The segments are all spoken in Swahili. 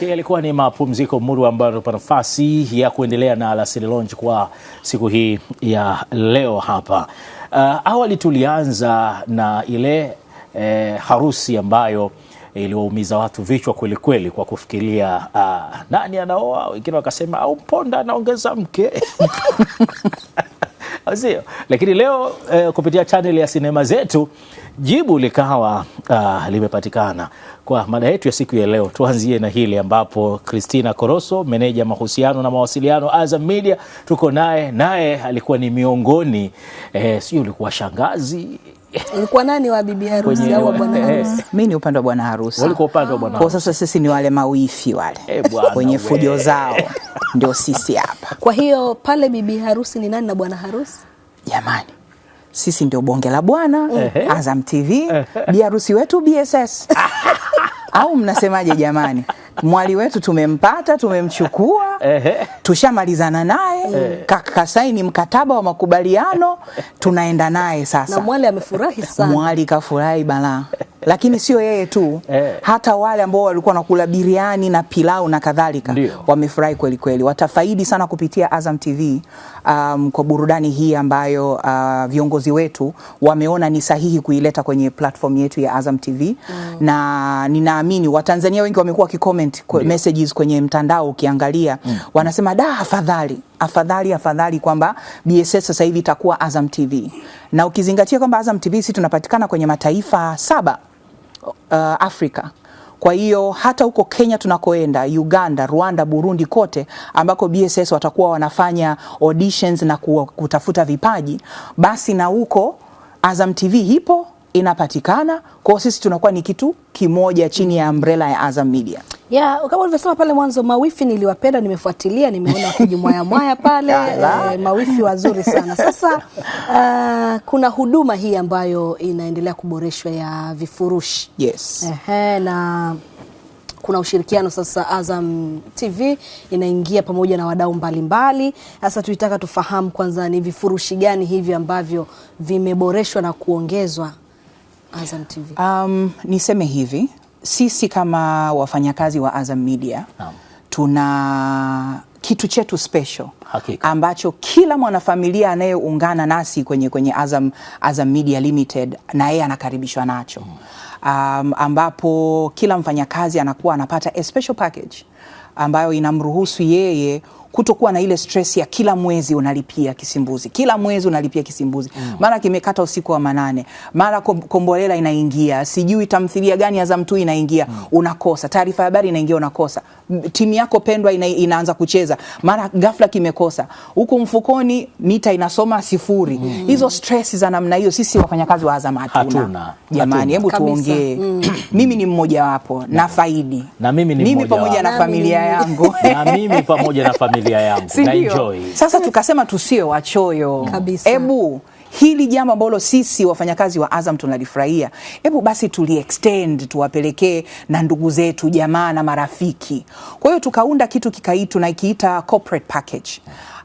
Yalikuwa ni mapumziko muru ambayo tupa nafasi ya kuendelea na Alasiri Lounge kwa siku hii ya leo hapa. Uh, awali tulianza na ile eh, harusi ambayo iliwaumiza watu vichwa kweli kweli kwa kufikiria uh, nani anaoa, wengine wakasema au Mponda anaongeza mke Ah, sio. Lakini leo eh, kupitia channel ya sinema zetu jibu likawa uh, limepatikana kwa mada yetu ya siku ya leo. Tuanzie na hili ambapo Christina Koroso, meneja mahusiano na mawasiliano Azam Media, tuko naye naye alikuwa ni miongoni eh, sio ulikuwa shangazi Ulikuwa nani wa bibi harusi au bwana eh, harusi? Mimi ni upande wa bwana harusi. Walikuwa upande wa bwana Kwa sasa sisi ni wale mawifi wale. Eh, Kwenye fujo zao ndio sisi hapa. Kwa hiyo pale bibi harusi ni nani na bwana harusi? Jamani, sisi ndio bonge la bwana mm. Azam TV bi harusi wetu BSS au mnasemaje jamani? Mwali wetu tumempata, tumemchukua, tushamalizana naye, kakasaini mkataba wa makubaliano, tunaenda naye sasa. Na mwali amefurahi sana, mwali kafurahi balaa. Lakini sio yeye tu eh, hata wale ambao walikuwa wanakula biriani na pilau na kadhalika wamefurahi kweli kweli, watafaidi sana kupitia Azam TV um, kwa burudani hii ambayo uh, viongozi wetu wameona ni sahihi kuileta kwenye platform yetu ya Azam TV mm. na ninaamini Watanzania wengi wamekuwa wakicomment messages kwenye mtandao, ukiangalia mm. wanasema da, afadhali afadhali afadhali kwamba BSS sasa hivi itakuwa Azam TV, na ukizingatia kwamba Azam TV sisi tunapatikana kwenye mataifa saba uh, Afrika. Kwa hiyo hata huko Kenya tunakoenda, Uganda, Rwanda, Burundi kote ambako BSS watakuwa wanafanya auditions na kutafuta vipaji, basi na huko Azam TV ipo inapatikana kwao, sisi tunakuwa ni kitu kimoja chini ya umbrella ya Azam Media. Yeah, kama ulivyosema pale mwanzo, mawifi niliwapenda, nimefuatilia, nimeona wakijimwaya mwaya pale e, mawifi wazuri sana. Sasa uh, kuna huduma hii ambayo inaendelea kuboreshwa ya vifurushi yes. Ehe, na kuna ushirikiano sasa, Azam TV inaingia pamoja na wadau mbalimbali. Sasa tulitaka tufahamu kwanza ni vifurushi gani hivi ambavyo vimeboreshwa na kuongezwa Azam TV? Um, niseme hivi sisi kama wafanyakazi wa Azam Media um, tuna kitu chetu special Hakika. ambacho kila mwanafamilia anayeungana nasi kwenye, kwenye Azam, Azam Media Limited na yeye anakaribishwa nacho mm. Um, ambapo kila mfanyakazi anakuwa anapata a special package ambayo inamruhusu yeye kutokuwa na ile stress ya kila mwezi unalipia kisimbuzi, kila mwezi unalipia kisimbuzi mm. mara kimekata usiku wa manane, mara kombolela inaingia, sijui tamthilia gani ya Zamtui inaingia mm. unakosa taarifa ya habari inaingia, unakosa timu yako pendwa ina, inaanza kucheza, mara ghafla kimekosa huku mfukoni, mita inasoma sifuri mm. hizo stress za namna hiyo sisi wafanyakazi wa Azam hatuna jamani, hebu tuongee mm. mimi ni mmoja wapo na, na faidi na mimi ni mmoja pamoja na familia yangu na mimi pamoja na familia familia yangu na enjoy. Sasa tukasema tusiwe wachoyo kabisa. Ebu hili jambo ambalo sisi wafanyakazi wa Azam tunalifurahia, hebu basi tuli extend tuwapelekee na ndugu zetu, jamaa na marafiki. Kwa hiyo tukaunda kitu kikaitu na ikiita corporate package,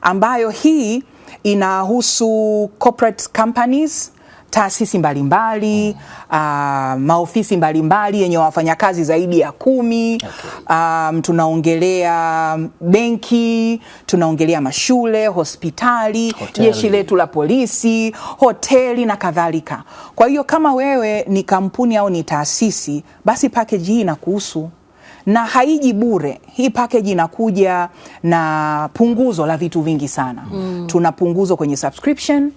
ambayo hii inahusu corporate companies taasisi mbalimbali mbali, uh, maofisi mbalimbali yenye wafanyakazi zaidi ya kumi okay. Um, tunaongelea benki, tunaongelea mashule, hospitali, jeshi letu la polisi, hoteli na kadhalika. Kwa hiyo kama wewe ni kampuni au ni taasisi, basi package hii inakuhusu na haiji bure. Hii package inakuja na punguzo la vitu vingi sana mm. Tuna punguzo kwenye subscription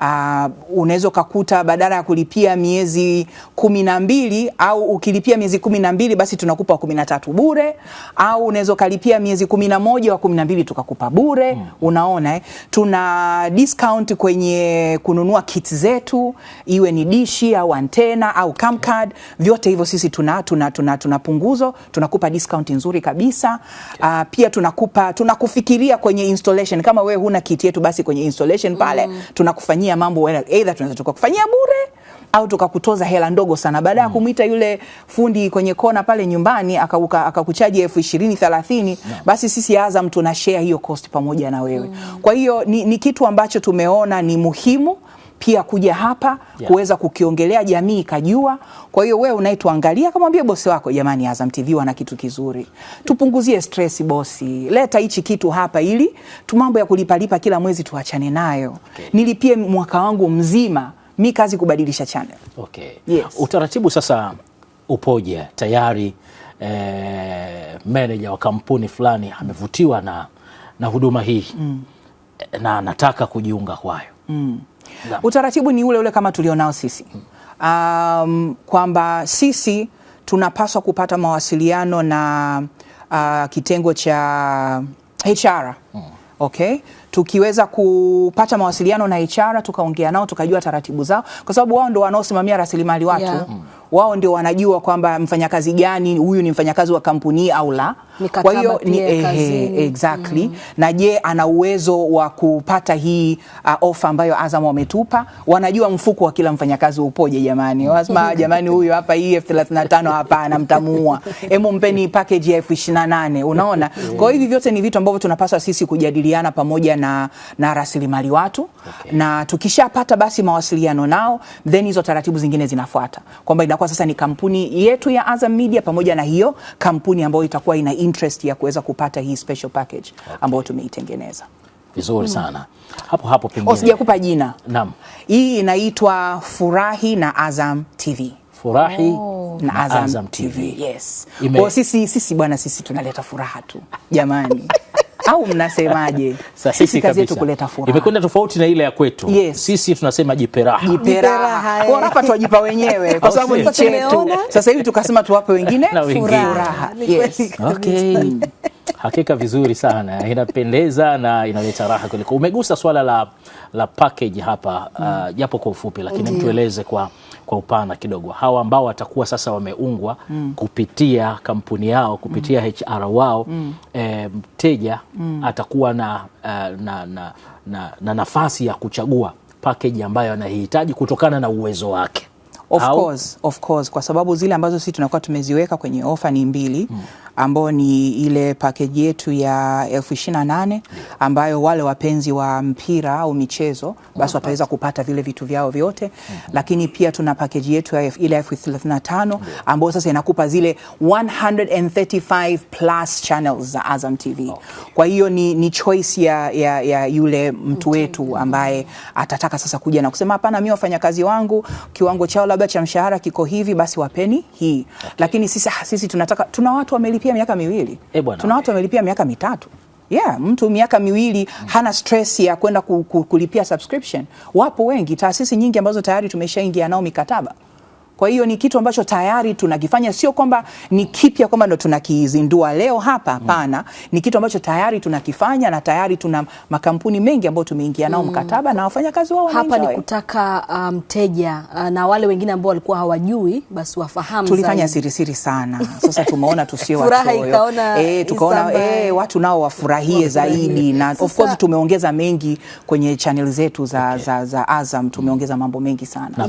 uh, unaweza ukakuta badala ya kulipia miezi kumi na mbili au ukilipia miezi kumi na mbili basi tunakupa wa kumi na tatu bure, au unaweza ukalipia miezi kumi na moja wa kumi na mbili tukakupa bure mm. Unaona eh? Tuna discount kwenye kununua kit zetu, iwe ni dishi au antena au camcard, vyote hivyo sisi tuna, tuna, tuna, tuna punguzo, tunakupa discount nzuri kabisa uh, pia tunakupa tunakufikiria kwenye installation kama wewe huna kit yetu basi kwenye installation pale mm. tunakufanyia kukufanyia mambo eidha tunaweza tukakufanyia bure au tukakutoza hela ndogo sana baada ya mm. kumwita yule fundi kwenye kona pale nyumbani akakuchaji elfu ishirini thelathini no. Basi sisi Azam tuna share hiyo cost pamoja na wewe mm. Kwa hiyo ni, ni kitu ambacho tumeona ni muhimu pia kuja hapa yeah, kuweza kukiongelea jamii ikajua. Kwa hiyo wewe unayetuangalia, kamwambie bosi wako, jamani, Azam TV wana kitu kizuri, tupunguzie stress bosi, leta hichi kitu hapa, ili tu mambo ya kulipalipa kila mwezi tuachane nayo. Okay, nilipie mwaka wangu mzima mi kazi kubadilisha channel. Okay. Yes. Utaratibu sasa upoje? Tayari eh, meneja wa kampuni fulani amevutiwa na, na huduma hii mm, eh, na anataka kujiunga kwayo mm. Utaratibu ni ule ule kama tulionao sisi mm. um, kwamba sisi tunapaswa kupata mawasiliano na uh, kitengo cha HR mm. Okay, tukiweza kupata mawasiliano na HR tukaongea nao tukajua taratibu zao, kwa sababu wao ndo wanaosimamia rasilimali watu yeah. Mm wao ndio wanajua kwamba mfanyakazi gani huyu ni mfanyakazi wa kampuni au la. Kwa hiyo ni eh, exactly mm. na je, ana uwezo wa kupata hii uh, ofa ambayo Azam wametupa? Wanajua mfuko wa kila mfanyakazi upoje jamani, mm. wasema jamani, huyu hapa hii elfu thelathini na tano hapana, mtamuua emu, mpeni package ya elfu ishirini na nane unaona yeah. Kwa hiyo hivi vyote ni vitu ambavyo tunapaswa sisi kujadiliana pamoja na, na rasilimali watu okay. na tukishapata basi mawasiliano nao then hizo taratibu zingine zinafuata kwamba kwa sasa ni kampuni yetu ya Azam Media pamoja na hiyo kampuni ambayo itakuwa ina interest ya kuweza kupata hii special package ambayo tumeitengeneza. Vizuri mm. sana hapo hapo pengine oh, sijakupa jina. Naam, hii inaitwa Furahi na Azam TV. Furahi oh. na Azam, Azam TV, TV. Yes. Kwa sisi, sisi bwana sisi tunaleta furaha tu jamani au mnasemaje? Sisi kazi yetu kuleta furaha. Imekwenda tofauti na ile ya kwetu. Yes. Sisi tunasema jiperaha. Jiperaha. Eh. Kwa hapa tuwajipa wenyewe kwa sababu ni chetu. Sasa hivi tukasema tuwape wengine furaha. Yes. Okay. Hakika vizuri sana, inapendeza na inaleta raha kuliko. Umegusa swala la, la package hapa uh, mm. japo mm. uh, kwa ufupi lakini Ndiyo. mtueleze kwa, kwa upana kidogo hawa ambao watakuwa sasa wameungwa mm. kupitia kampuni yao kupitia mm. HR wao mm. Eh, mteja mm. atakuwa na, uh, na, na, na, na nafasi ya kuchagua package ambayo anahitaji kutokana na uwezo wake. Of course, of course, kwa sababu zile ambazo sisi tunakuwa tumeziweka kwenye ofa ni mbili mm ambao ni ile pakeji yetu ya elfu ishirini na nane ambayo wale wapenzi wa mpira au michezo basi wataweza kupata vile vitu vyao vyote, lakini pia tuna pakeji yetu ya ile elfu thelathini na tano ambayo sasa inakupa zile 135 plus channels za Azam TV. Kwa hiyo ni, ni choice ya, ya, ya yule mtu wetu ambaye atataka sasa kuja na kusema hapana, mimi wafanyakazi wangu kiwango chao labda cha mshahara kiko hivi, basi wapeni hii, lakini sisi, sisi tunataka tuna watu wamelipa wamelipia miaka miwili e, tuna watu wamelipia miaka mitatu. Yeah, mtu miaka miwili mm. hana stress ya kwenda kulipia subscription. Wapo wengi, taasisi nyingi ambazo tayari tumeshaingia nao mikataba kwa hiyo ni kitu ambacho tayari tunakifanya, sio kwamba ni kipya kwamba ndo tunakizindua leo hapa, hapana. Ni kitu ambacho tayari tunakifanya na tayari tuna makampuni mengi ambayo tumeingia nao mm. mkataba na wafanyakazi wao hapa. Ni kutaka uh, mteja um, na wale wengine ambao walikuwa hawajui basi wafahamu. Tulifanya siri siri sana, sasa tumeona tusio watoyo eh, tukaona e, watu nao wafurahie zaidi, na of course tumeongeza mengi kwenye channel zetu za, okay. za, za Azam tumeongeza mambo mengi sana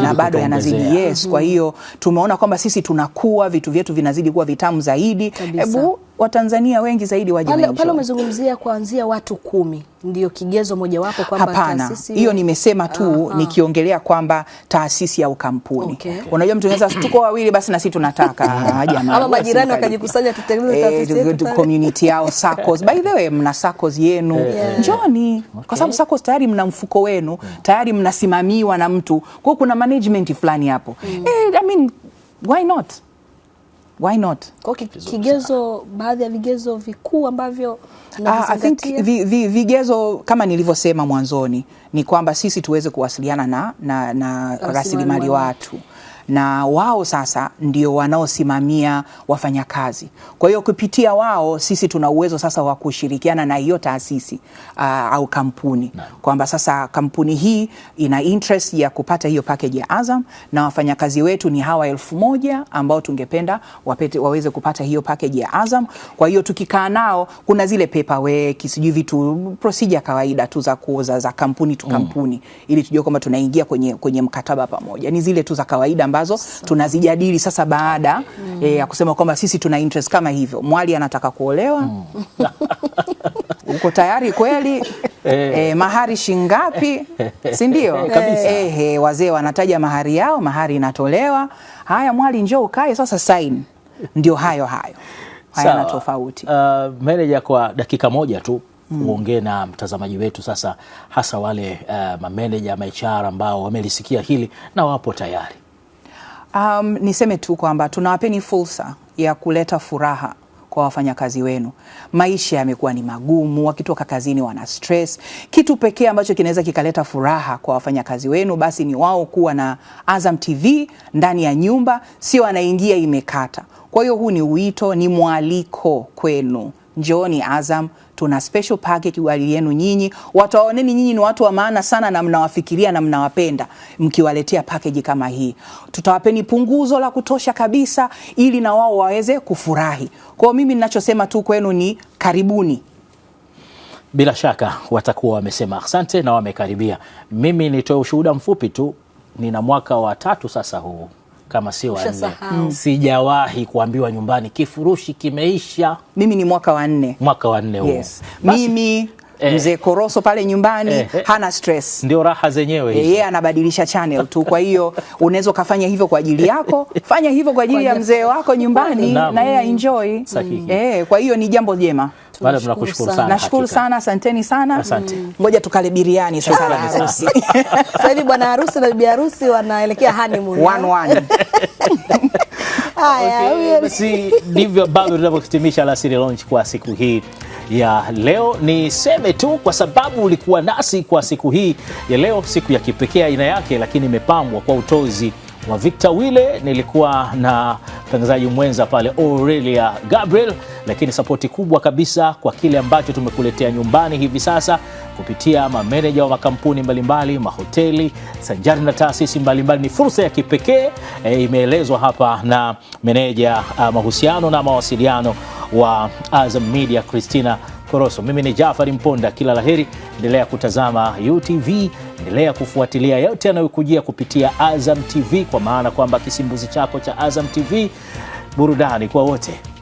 na bado yanazidi yes. Kwa mhm. hiyo tumeona kwamba sisi tunakuwa, vitu vyetu vinazidi kuwa vitamu zaidi. Hebu Watanzania wengi zaidi waje. Pale umezungumzia kuanzia watu kumi ndio kigezo mojawapo kwamba hapana, taasisi... hiyo nimesema tu ah, ah. nikiongelea kwamba taasisi au kampuni okay. Unajua mtu anaweza tuko wawili basi na sisi tunataka ah, jamaa ama majirani wakajikusanya tutengeneze eh, taasisi yetu community yao SACCOS. By the way, mna SACCOS yenu yeah. Njoni okay. Kwa sababu SACCOS tayari mna mfuko wenu tayari mnasimamiwa na mtu, kwa hiyo kuna management fulani hapo mm. Eh, I mean why not why not? kigezo, baadhi ya vigezo vikuu ambavyo ah, I think vi, vi, vigezo kama nilivyosema mwanzoni ni kwamba sisi tuweze kuwasiliana na, na, na rasilimali watu na wao sasa ndio wanaosimamia wafanyakazi. Kwa hiyo kupitia wao sisi tuna uwezo sasa wa kushirikiana na hiyo taasisi uh, au kampuni kwamba sasa kampuni hii ina interest ya kupata hiyo package ya Azam na wafanyakazi wetu ni hawa elfu moja ambao tungependa wapete, waweze kupata hiyo package ya Azam. Kwa hiyo tukikaa nao, kuna zile paperwork, sijui vitu procedure kawaida tu za kuoza za kampuni tu mm. kampuni mm, ili tujue kwamba tunaingia kwenye, kwenye mkataba pamoja, ni zile tu za kawaida ambazo tunazijadili sasa baada ya mm. Eh, ya kusema kwamba sisi tuna interest kama hivyo, mwali anataka kuolewa mm. uko tayari kweli? E, mahari shingapi, si ndio? Ehe, wazee wanataja mahari yao, mahari inatolewa. Haya, mwali njoo ukae sasa, sign. Ndio hayo hayo hayana tofauti. Uh, meneja, kwa dakika moja tu mm. uongee na mtazamaji wetu sasa, hasa wale uh, mameneja maichara ambao wamelisikia hili na wapo tayari Um, niseme tu kwamba tunawapeni fursa ya kuleta furaha kwa wafanyakazi wenu. Maisha yamekuwa ni magumu, wakitoka kazini wana stress. Kitu pekee ambacho kinaweza kikaleta furaha kwa wafanyakazi wenu basi ni wao kuwa na Azam TV ndani ya nyumba, sio anaingia imekata. Kwa hiyo huu ni wito, ni mwaliko kwenu njooni Azam, tuna special package kwa ajili yenu nyinyi. Watu waoneni nyinyi ni watu wa maana sana, na mnawafikiria na mnawapenda, mkiwaletea package kama hii, tutawapeni punguzo la kutosha kabisa, ili na wao waweze kufurahi. Kwa mimi ninachosema tu kwenu ni karibuni. Bila shaka watakuwa wamesema asante na wamekaribia. Mimi nitoe ushuhuda mfupi tu, nina mwaka wa tatu sasa huu kama si wanne, mm. sijawahi kuambiwa nyumbani kifurushi kimeisha. Mimi ni mwaka wa nne, mwaka wa nne yes. mimi Eh, mzee Koroso pale nyumbani eh, eh, hana stress, ndio raha zenyewe hizo. Yeye anabadilisha channel tu. Kwa hiyo unaweza ukafanya hivyo kwa ajili yako, fanya hivyo kwa ajili ya mzee wako nyumbani na yeye enjoy. Eh, kwa hiyo ni jambo jema bado tunakushukuru sana. Nashukuru sana, asanteni sana. Asante. Mm. Ngoja tukale biriani sasa la harusi. Sasa hivi bwana harusi na bibi harusi wanaelekea honeymoon. Eh? One one. Haya, si ndivyo bado tunavyohitimisha Alasiri Lounge kwa siku hii ya leo. Niseme tu kwa sababu ulikuwa nasi kwa siku hii ya leo, siku ya kipekee aina yake, lakini imepambwa kwa utozi wa Victor Wile. Nilikuwa na mtangazaji mwenza pale Aurelia Gabriel, lakini sapoti kubwa kabisa kwa kile ambacho tumekuletea nyumbani hivi sasa kupitia mameneja wa makampuni mbalimbali, mahoteli sanjari na taasisi mbalimbali. Ni fursa ya kipekee e, imeelezwa hapa na meneja ah, mahusiano na mawasiliano wa Azam Media Christina Koroso. Mimi ni Jafari Mponda, kila laheri, endelea kutazama UTV endelea kufuatilia yote yanayokujia kupitia Azam TV, kwa maana kwamba kisimbuzi chako cha Azam TV, burudani kwa wote.